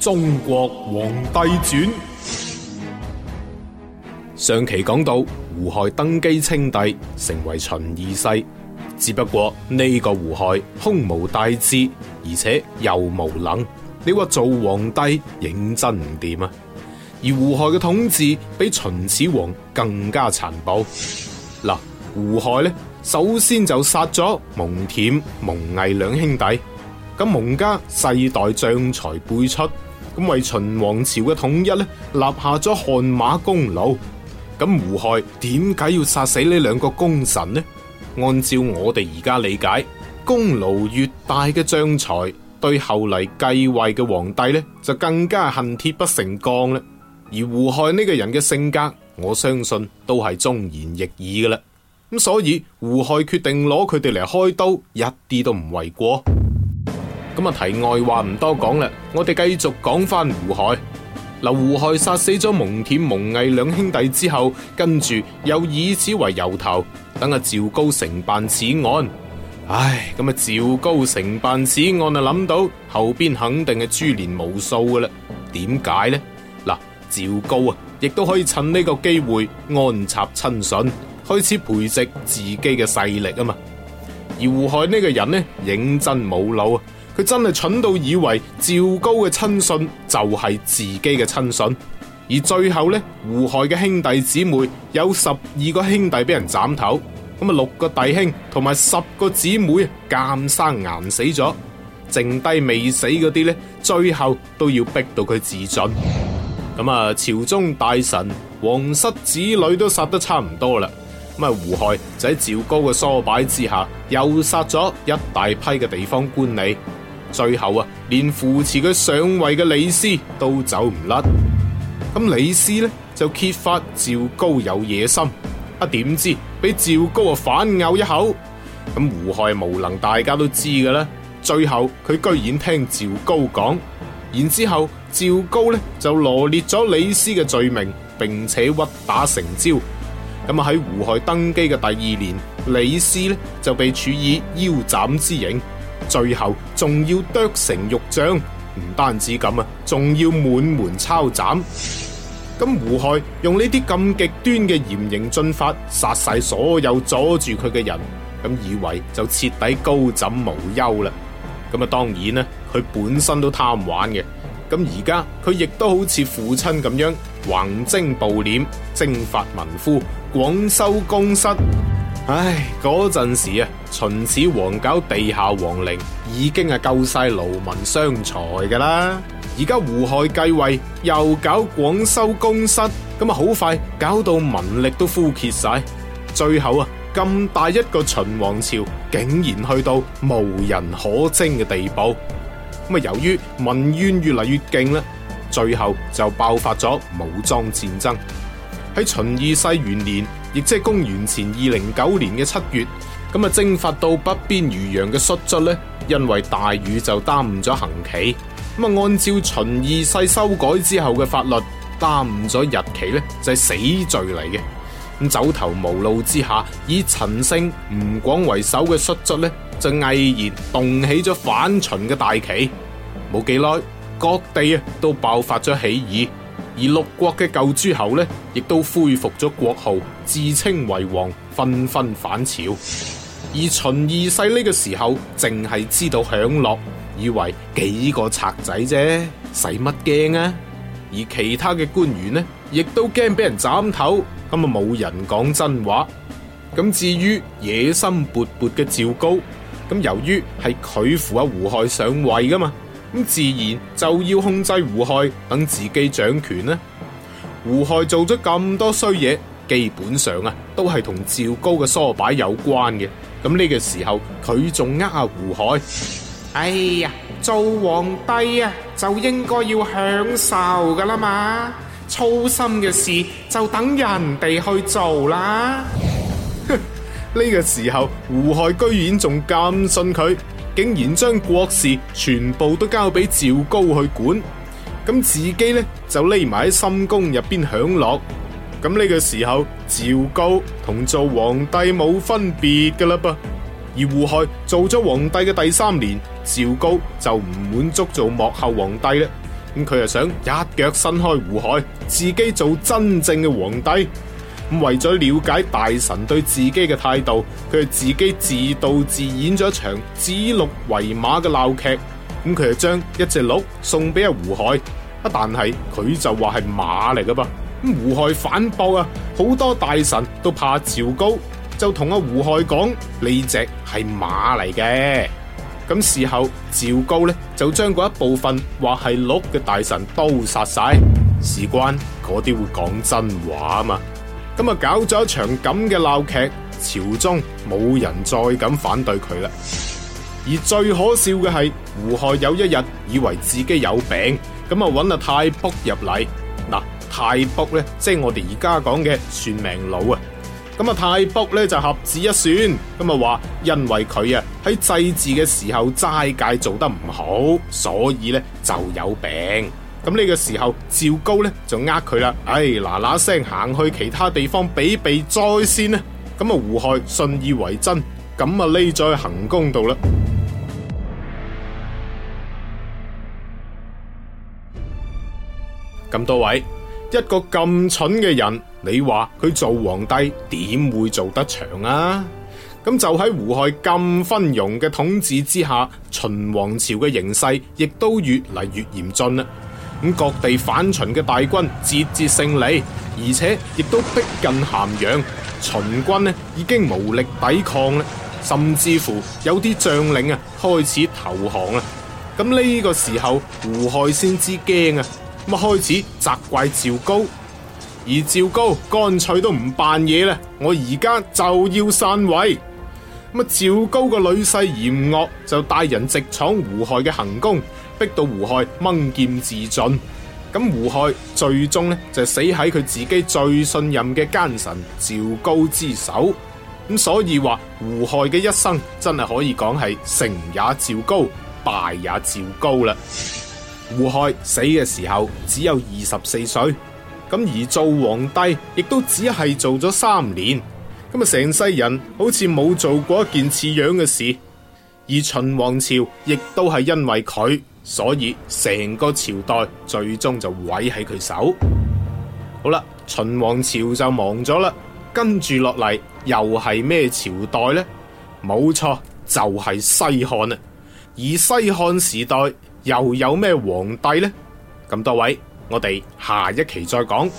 中國皇帝傳，上期講到胡亥登基稱帝，成為秦二世。只不過呢、這個胡亥胸無大志，而且又無能。你話做皇帝認真唔掂啊？而胡亥嘅統治比秦始皇更加殘暴。嗱、啊，胡亥咧，首先就殺咗蒙恬、蒙毅兩兄弟。咁蒙家世代將才輩出。咁為秦王朝嘅統一咧立下咗汗馬功勞，咁胡亥點解要殺死呢兩個功臣呢？按照我哋而家理解，功勞越大嘅將才，對後嚟繼位嘅皇帝咧就更加恨鐵不成鋼啦。而胡亥呢個人嘅性格，我相信都係忠言逆耳㗎啦。咁所以胡亥決定攞佢哋嚟開刀，一啲都唔為過。咁啊，題外話唔多講啦。我哋繼續講翻胡亥嗱。胡亥殺死咗蒙恬、蒙毅兩兄弟之後，跟住又以此為由頭，等阿趙高承辦此案。唉，咁啊，趙高承辦此案啊，諗到後邊肯定係株連無數噶啦。點解呢？嗱，趙高啊，亦都可以趁呢個機會安插親信，開始培植自己嘅勢力啊嘛，而胡亥呢個人呢，認真冇腦啊。佢真係蠢到以為趙高嘅親信就係自己嘅親信，而最後呢，胡亥嘅兄弟姊妹有十二個兄弟俾人斬頭，咁啊六個弟兄同埋十個姊妹奸生癌死咗，剩低未死嗰啲呢，最後都要逼到佢自盡。咁啊，朝中大臣、皇室子女都殺得差唔多啦，咁啊胡亥就喺趙高嘅唆擺之下，又殺咗一大批嘅地方官吏。最後啊，連扶持佢上位嘅李斯都走唔甩，咁李斯呢，就揭發趙高有野心，啊點知俾趙高啊反咬一口，咁胡亥無能大家都知㗎啦，最後佢居然聽趙高講，然之後趙高呢，就羅列咗李斯嘅罪名，並且屈打成招，咁啊喺胡亥登基嘅第二年，李斯呢，就被處以腰斬之刑。最後仲要剁成肉醬，唔單止咁啊，仲要滿門抄斬。咁胡亥用呢啲咁極端嘅嚴刑峻法殺晒所有阻住佢嘅人，咁以為就徹底高枕無憂啦。咁啊，當然呢，佢本身都貪玩嘅，咁而家佢亦都好似父親咁樣橫徵暴斂，徵發民夫，廣修宮室。唉，嗰陣時啊，秦始皇搞地下皇陵，已經係夠晒勞民傷財噶啦。而家胡亥繼位，又搞廣修宮室，咁啊好快搞到民力都枯竭晒。最後啊，咁大一個秦王朝，竟然去到無人可徵嘅地步。咁啊，由於民怨越嚟越勁咧，最後就爆發咗武裝戰爭。喺秦二世元年，亦即係公元前二零九年嘅七月，咁啊徵發到北邊漁陽嘅戍卒呢，因為大雨就耽誤咗行期。咁啊，按照秦二世修改之後嘅法律，耽誤咗日期呢就係死罪嚟嘅。咁走投無路之下，以陳勝、吳廣為首嘅戍卒呢，就毅然動起咗反秦嘅大旗。冇幾耐，各地啊都爆發咗起義。而六國嘅舊諸侯呢，亦都恢復咗國號，自稱為王，紛紛反朝。而秦二世呢個時候，淨係知道享樂，以為幾個賊仔啫，使乜驚啊？而其他嘅官員呢，亦都驚俾人斬頭，咁啊冇人講真話。咁至於野心勃勃嘅趙高，咁由於係佢扶阿胡亥上位噶嘛。咁自然就要控制胡亥，等自己掌權呢？胡亥做咗咁多衰嘢，基本上啊都係同趙高嘅梳擺有關嘅。咁呢個時候佢仲呃阿胡亥，哎呀，做皇帝啊就應該要享受噶啦嘛，操心嘅事就等人哋去做啦。呢 個時候胡亥居然仲咁信佢。竟然將國事全部都交俾趙高去管，咁自己呢，就匿埋喺深宮入邊享樂。咁呢個時候，趙高同做皇帝冇分別噶啦噃。而胡亥做咗皇帝嘅第三年，趙高就唔滿足做幕後皇帝啦，咁佢又想一腳伸開胡亥，自己做真正嘅皇帝。咁為咗了，了解大臣對自己嘅態度，佢係自己自導自演咗一場指鹿為馬嘅鬧劇。咁佢就將一隻鹿送俾阿胡亥，啊，但係佢就話係馬嚟噶噃。咁胡亥反駁啊，好多大臣都怕趙高，就同阿胡亥講呢隻係馬嚟嘅。咁事後趙高呢就將嗰一部分話係鹿嘅大臣都殺晒，事關嗰啲會講真話啊嘛。咁啊，搞咗一場咁嘅鬧劇，朝中冇人再敢反對佢啦。而最可笑嘅係，胡亥有一日以為自己有病，咁啊，揾阿太卜入嚟。嗱，太卜咧，即係我哋而家講嘅算命佬啊。咁啊，太卜咧就合指一算，咁啊話，因為佢啊喺祭祀嘅時候齋戒做得唔好，所以咧就有病。咁呢個時候，趙高呢就呃佢啦，哎嗱嗱聲行去其他地方避避災先啦，咁啊胡亥信以為真，咁啊匿喺行宮度啦。咁多 位一個咁蠢嘅人，你話佢做皇帝點會做得長啊？咁就喺胡亥咁昏庸嘅統治之下，秦王朝嘅形勢亦都越嚟越嚴峻啦。咁各地反秦嘅大軍節節勝利，而且亦都逼近咸陽，秦軍呢已經無力抵抗啦，甚至乎有啲將領啊開始投降啊。咁呢個時候，胡亥先知驚啊，咁開始責怪趙高，而趙高乾脆都唔扮嘢啦，我而家就要篡位。咁趙高個女婿閻樂就帶人直闖胡亥嘅行宮，逼到胡亥掹劍自盡，咁胡亥最終呢，就死喺佢自己最信任嘅奸臣趙高之手，咁所以話胡亥嘅一生真係可以講係成也趙高，敗也趙高啦。胡亥死嘅時候只有二十四歲，咁而做皇帝亦都只係做咗三年，咁啊成世人好似冇做過一件似樣嘅事，而秦王朝亦都係因為佢。所以成個朝代最終就毀喺佢手。好啦，秦王朝就亡咗啦。跟住落嚟又係咩朝代呢？冇錯，就係西漢啊。而西漢時代又有咩皇帝呢？咁多位，我哋下一期再講。